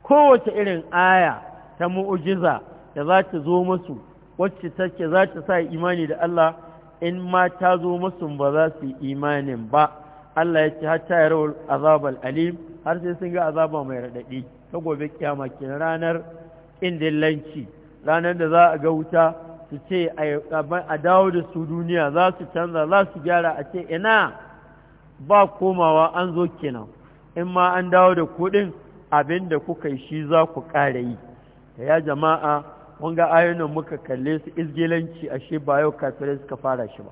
A: kowace irin aya ta mu'ujiza da za ta zo musu wacce take za ta sa imani da Allah in ma ta zo masu ba za su imanin ba Allah ya ce hatta ya rawar azabal alim har sai sun ga azaba mai raɗaɗi ta gobe kyama kin ranar indillanci ranar da za a ga wuta su ce a dawo da su duniya za su canza za su gyara a ce ina ba komawa an zo kenan in ma an dawo da kuɗin abin da kuka yi shi za ku ƙara yi ya jama'a wanga ayyunan muka kalle su izgilanci ashe ba yau kafirai suka fara shi ba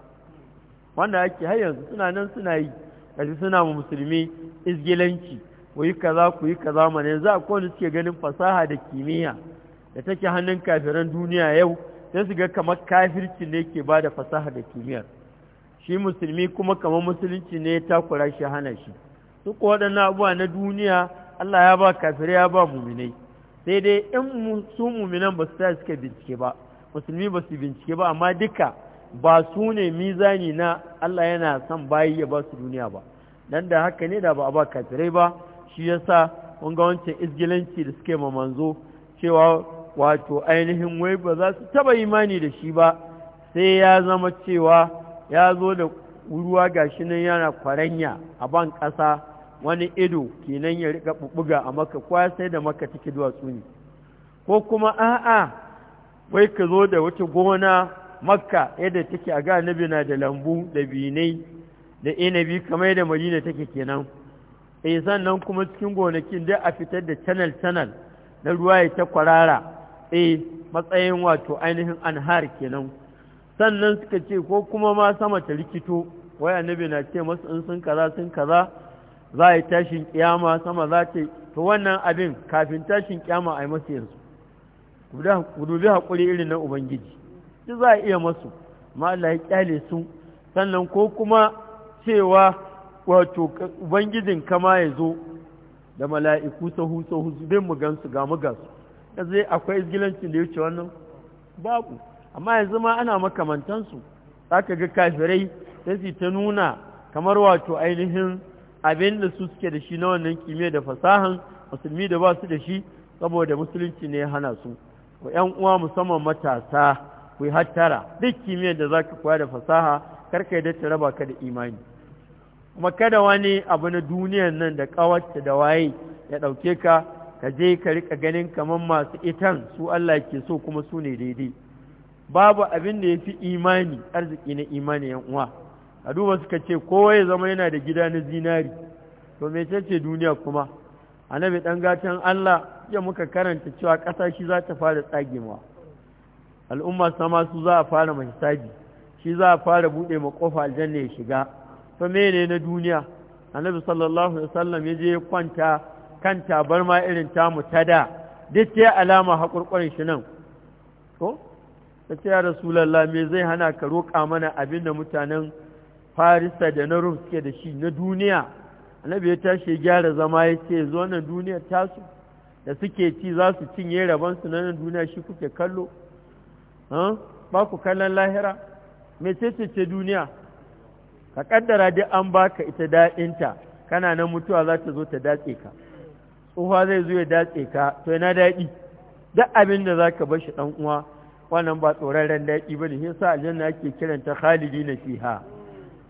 A: wanda ake har yanzu suna nan suna yi kashi suna mu musulmi izgilanci ku yi kaza ku yi kaza mana yanzu akwai wanda suke ganin fasaha da kimiyya da take hannun kafiran duniya yau sai su ga kamar kafirci ne ke ba da fasaha da kimiyyar shi musulmi kuma kamar musulunci ne ya takura shi hana shi duk waɗannan abubuwa na duniya Allah ya ba kafirai ya ba muminai sai dai in su muminan ba su ta suka bincike ba musulmi ba su bincike ba amma duka ba su ne mizani na Allah yana son bayi ya ba su duniya ba dan da haka ne da ba a ba kafirai ba shi yasa kun ga wancan izgilanci da suke ma manzo cewa wato ainihin wai ba za su taba imani da shi ba sai ya zama cewa ya zo da ruwa gashi nan yana kwaranya a ban ƙasa wani ido kenan ya rika bubuga a maka kwa sai da maka take duwatsu ne ko kuma a'a wai ka zo da wata gona makka yadda take a ga annabi na da lambu da binai da inabi kamar da madina take kenan eh sannan kuma cikin gonakin dai a fitar da canal canal na ruwa ya ta kwarara eh matsayin wato ainihin anhar kenan sannan suka ce ko kuma ma sama ta rikito wai annabi na ce masu in sun kaza sun kaza za a yi tashin kiyama sama za ta to wannan abin kafin tashin kiyama a yi masu yanzu ku dubi haƙuri irin na ubangiji shi za a iya masu ma Allah ya kyale su sannan ko kuma cewa wato ubangijin kama ya zo da mala'iku sahu sahu bin mu gansu ga mu ga su Ka zai akwai izgilancin da ya wuce wannan babu amma yanzu ma ana makamantansu za ka ga kafirai sai su ta nuna kamar wato ainihin abin da su suke da shi na wannan kimiyya da fasahan musulmi da ba su da shi saboda musulunci ne ya hana su wa ‘yan uwa musamman matasa ku hattara duk kimiyyar da za ka koya da fasaha karka yadda ta raba ka da imani kuma kada wani abu na duniyan nan da ƙawarta da waye ya ɗauke ka ka je ka rika ganin kamar masu itan su Allah ke so kuma su ne daidai babu abin da ya fi imani arziki na imani yan uwa a duba suka ce kowa ya zama yana da gida na zinari to ce duniya kuma annabi dan gatan Allah ya muka karanta cewa ƙasa shi za ta fara tsagewa al'umma sama su za a fara mahisabi shi za a fara buɗe ƙofa aljanna ya shiga to mene na duniya annabi sallallahu alaihi wasallam ya je ya kwanta kan tabarma irin tamu ta da duk ta alama haƙurƙurin shi nan ko ta ce ya rasulallah me zai hana ka roƙa mana abin da mutanen farisa da na ruhu suke da shi na duniya annabi ya tashi gyara zama ya ce zo nan duniya tasu da suke ci za su cinye rabansu na duniya shi kuke kallo ba ku kallon lahira me ce ce duniya ka kaddara duk an baka ita daɗinta kana nan mutuwa za ta zo ta datse ka tsufa zai zo ya datse ka to yana daɗi duk abin da za ka bashi ɗan uwa wannan ba tsoraren daɗi ba ne shi sa aljanna ake kiranta khalidi na fiha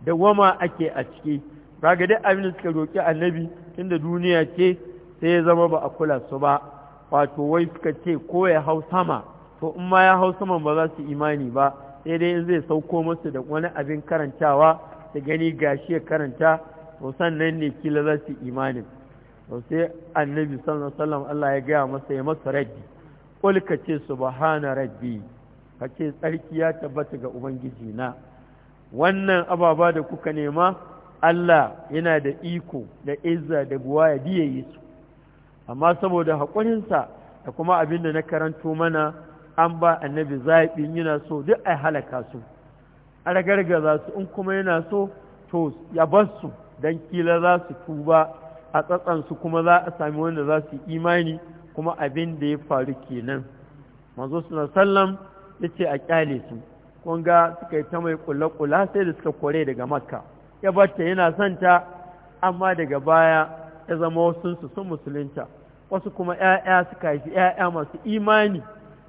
A: da wama ake a ciki ga duk abin da suka roƙi annabi tun da duniya ce sai ya zama ba a kula su ba wato wai suka ce ko ya hau sama to in ma ya hau sama ba za su imani ba sai dai in zai sauko musu da wani abin karantawa da gani gashi ya karanta to sannan ne kila za su imanin to sai annabi sallallahu alaihi wasallam Allah ya gaya masa ya masa rabbi qul ka ce subhana rabbi ka ce tsarki ya tabbata ga ubangiji na wannan ababa da kuka nema Allah yana da iko da izza da buwa ya biye su amma saboda haƙurinsa da kuma abin da na karanto mana an ba annabi zaɓin yana so duk ai halaka su a ragargaza su in kuma yana so to ya bar su don kila za su tuba a tsatsansu kuma za a sami wanda za su imani kuma abin da ya faru kenan manzo suna Sallam, ya ce a kyale su kun ga suka yi ta mai kula-kula sai da suka kware daga makka ya bata yana santa amma daga baya ya zama su sun musulunta wasu kuma ‘ya'ya suka haifi ‘ya'ya masu imani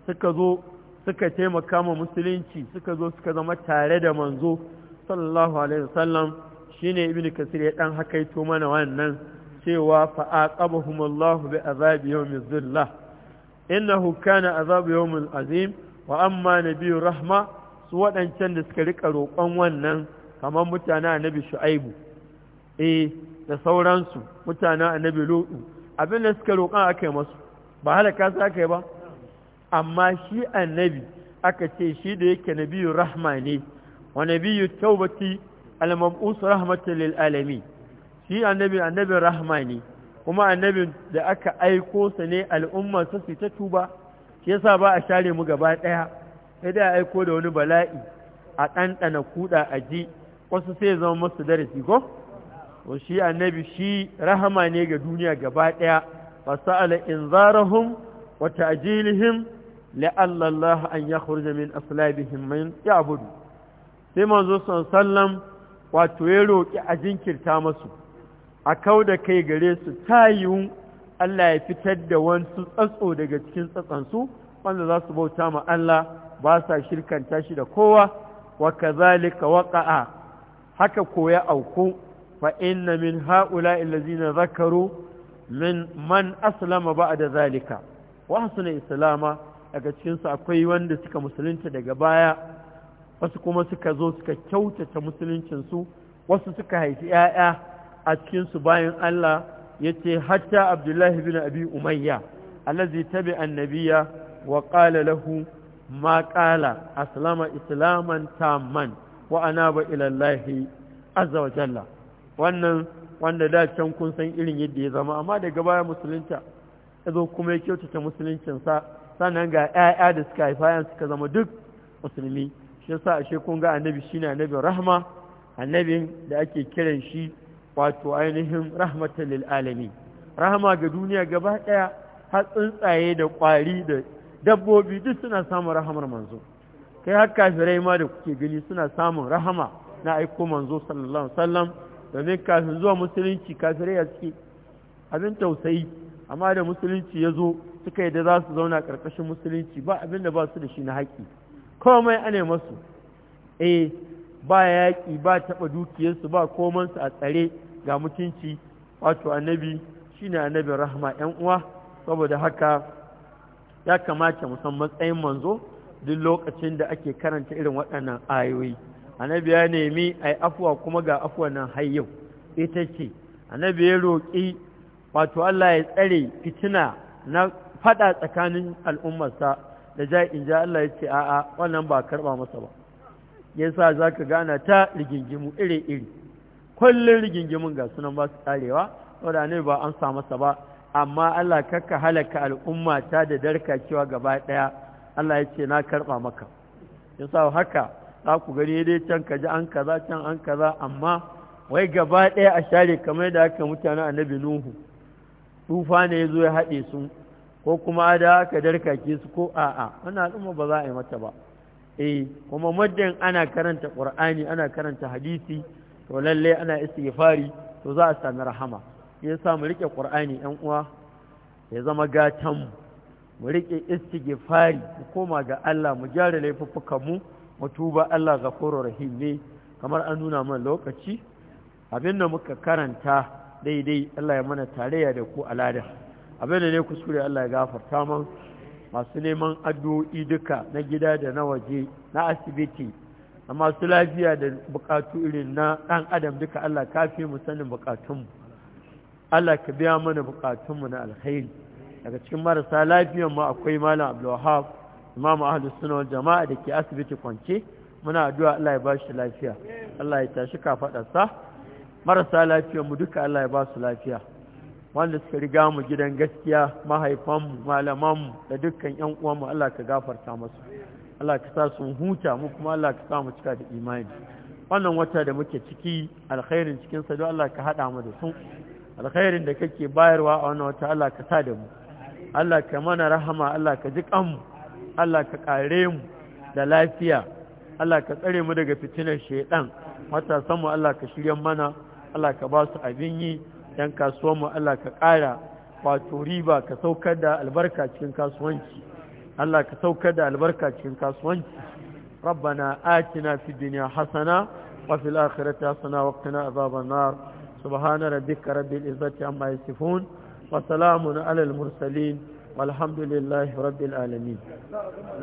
A: suka zo suka taimaka ma musulunci suka zo suka zama tare da manzo sallallahu alaihi wasallam shine ibnu kasir ya dan hakaito mana wannan cewa fa'aqabahumullahu bi azabi yawmiz zillah innahu kana azabu yawmin azim wa amma biyu rahma su waɗancan da suka rika roƙon wannan kamar mutane annabi shu'aibu eh da sauransu mutane annabi lutu abin da suka roƙon aka yi masu ba halaka su aka yi ba amma shi annabi aka ce shi da yake nabiyu rahma ne wa nabiyut taubati al-mab'us rahmatan lil alamin shi annabi annabin rahma ne kuma annabin da aka aiko sa ne al'umma su su ta tuba shi yasa ba a share mu gaba daya sai dai aiko da wani bala'i a ɗanɗana kuɗa a ji wasu sai zama masu darasi ko to shi annabi shi rahama ne ga duniya gaba ɗaya wata inzarahum wa ta'jilihim la'alla Allah an yakhruja min aslabihim man ya'budu sai manzo sallam wato ya roki a jinkirta masu a kau da kai gare su ta yiwu Allah ya fitar da wasu tsatso daga cikin tsatsansu wanda za su bauta ma Allah ba sa shirkanta shi da kowa wa kazalika a. haka koya auku fa inna min ha'ula'i allazina zakaru min man aslama da zalika wa hasuna islama daga cikinsu akwai wanda suka musulunta daga baya wasu kuma suka zo suka kyautata musuluncinsu, wasu suka haifi 'ya'ya a cikinsu bayan Allah ya ce hatta abdullahi bin abi umayya allazi tabi annabiya wa qala lahu ma qala aslama islaman tamman wa anaba ila allahi azza wa jalla wannan wanda da can kun san irin yadda ya zama amma daga baya musulunta yazo kuma ya kyautata musuluncinsa sannan ga 'ya'ya da suka haifa yan suka zama duk musulmi shi yasa ashe kun ga annabi shine annabin rahma annabin da ake kiran shi wato ainihin rahmatan lil alamin rahama ga duniya gaba ɗaya har tsuntsaye da kwari da dabbobi duk suna samun rahamar manzo kai har kafirai ma da kuke gani suna samun rahama na aiko manzo sallallahu alaihi wasallam domin kafin zuwa musulunci kafirai suke abin tausayi amma da musulunci ya zo suka yi da za su zauna ƙarƙashin musulunci ba abin da ba su da shi na haƙƙi komai ane masu eh ba yaƙi ba taɓa dukiyarsu ba komansu a tsare ga mutunci wato annabi shine annabi rahma yan uwa saboda haka ya kamata mu san matsayin manzo duk lokacin da ake karanta irin waɗannan ayoyi annabi ya nemi ai afuwa kuma ga afuwa nan har yau ita ce annabi ya roƙi wato Allah ya tsare fitina na fada tsakanin al'ummarsa da in ja Allah ya ce a'a wannan ba karba masa ba yasa zaka gana ta rigingimu iri-iri kullun rigingimin ga sunan ba su karewa saboda ne ba an sa masa ba amma Allah kakka halaka al'umma ta da darka cewa gaba daya Allah ya ce na karba maka yasa haka za ku gani dai can ka ji an kaza can an kaza amma wai gaba daya a share kamar da aka mutane annabi nuhu tufa ne yazo ya haɗe su ko kuma da aka ke su ko a'a wannan al'umma ba za a yi mata ba eh kuma muddin ana karanta qur'ani ana karanta hadisi to lalle ana istighfari to za a sami rahama ya sa mu rike ƙur'ani ɗan uwa ya zama gatan mu mu rike istighfari mu koma ga Allah mu jare laifuffukan mu mu tuba Allah ghafurur rahim ne kamar an nuna mana lokaci abin da muka karanta daidai Allah ya mana tarayya da ku alada abin da ne kuskure Allah ya gafarta mu masu neman addu'o'i duka na gida da na waje na asibiti amma masu lafiya da bukatu irin na ɗan adam duka Allah kafi fi mu sanin bukatunmu Allah ka biya mana bukatunmu na alkhairi daga cikin marasa lafiyan mu akwai malam Abdullahi, imam ahlus sunna wal jama'a da ke asibiti kwance muna addu'a Allah ya ba shi lafiya Allah ya tashi sa marasa lafiyan mu duka Allah ya ba su lafiya wanda suka riga mu gidan gaskiya mahaifanmu malamanmu da dukkan 'yan uwanmu Allah ka gafarta masu Allah ka sa sun huta mu kuma Allah ka sa mu cika da imani wannan wata da muke ciki alkhairin cikin sa don Allah ka hada mu da su alkhairin da kake bayarwa a wannan wata Allah ka sa da mu Allah ka mana rahama Allah ka ji mu, Allah ka kare mu da lafiya Allah ka tsare mu daga fitinar shaiɗan, wata mu Allah ka shirya mana Allah ka ba su abin yi dan kasuwar mu Allah ka kara wato riba ka saukar da albarka cikin kasuwanci Allah ka sauka da albarka cikin kasuwanci rabbana atina fid dunya hasana wa fil akhirati hasana wa qina azaban nar subhana rabbika rabbil izzati amma yasifun wa salamun alal mursalin Walhamdulillahi لله رب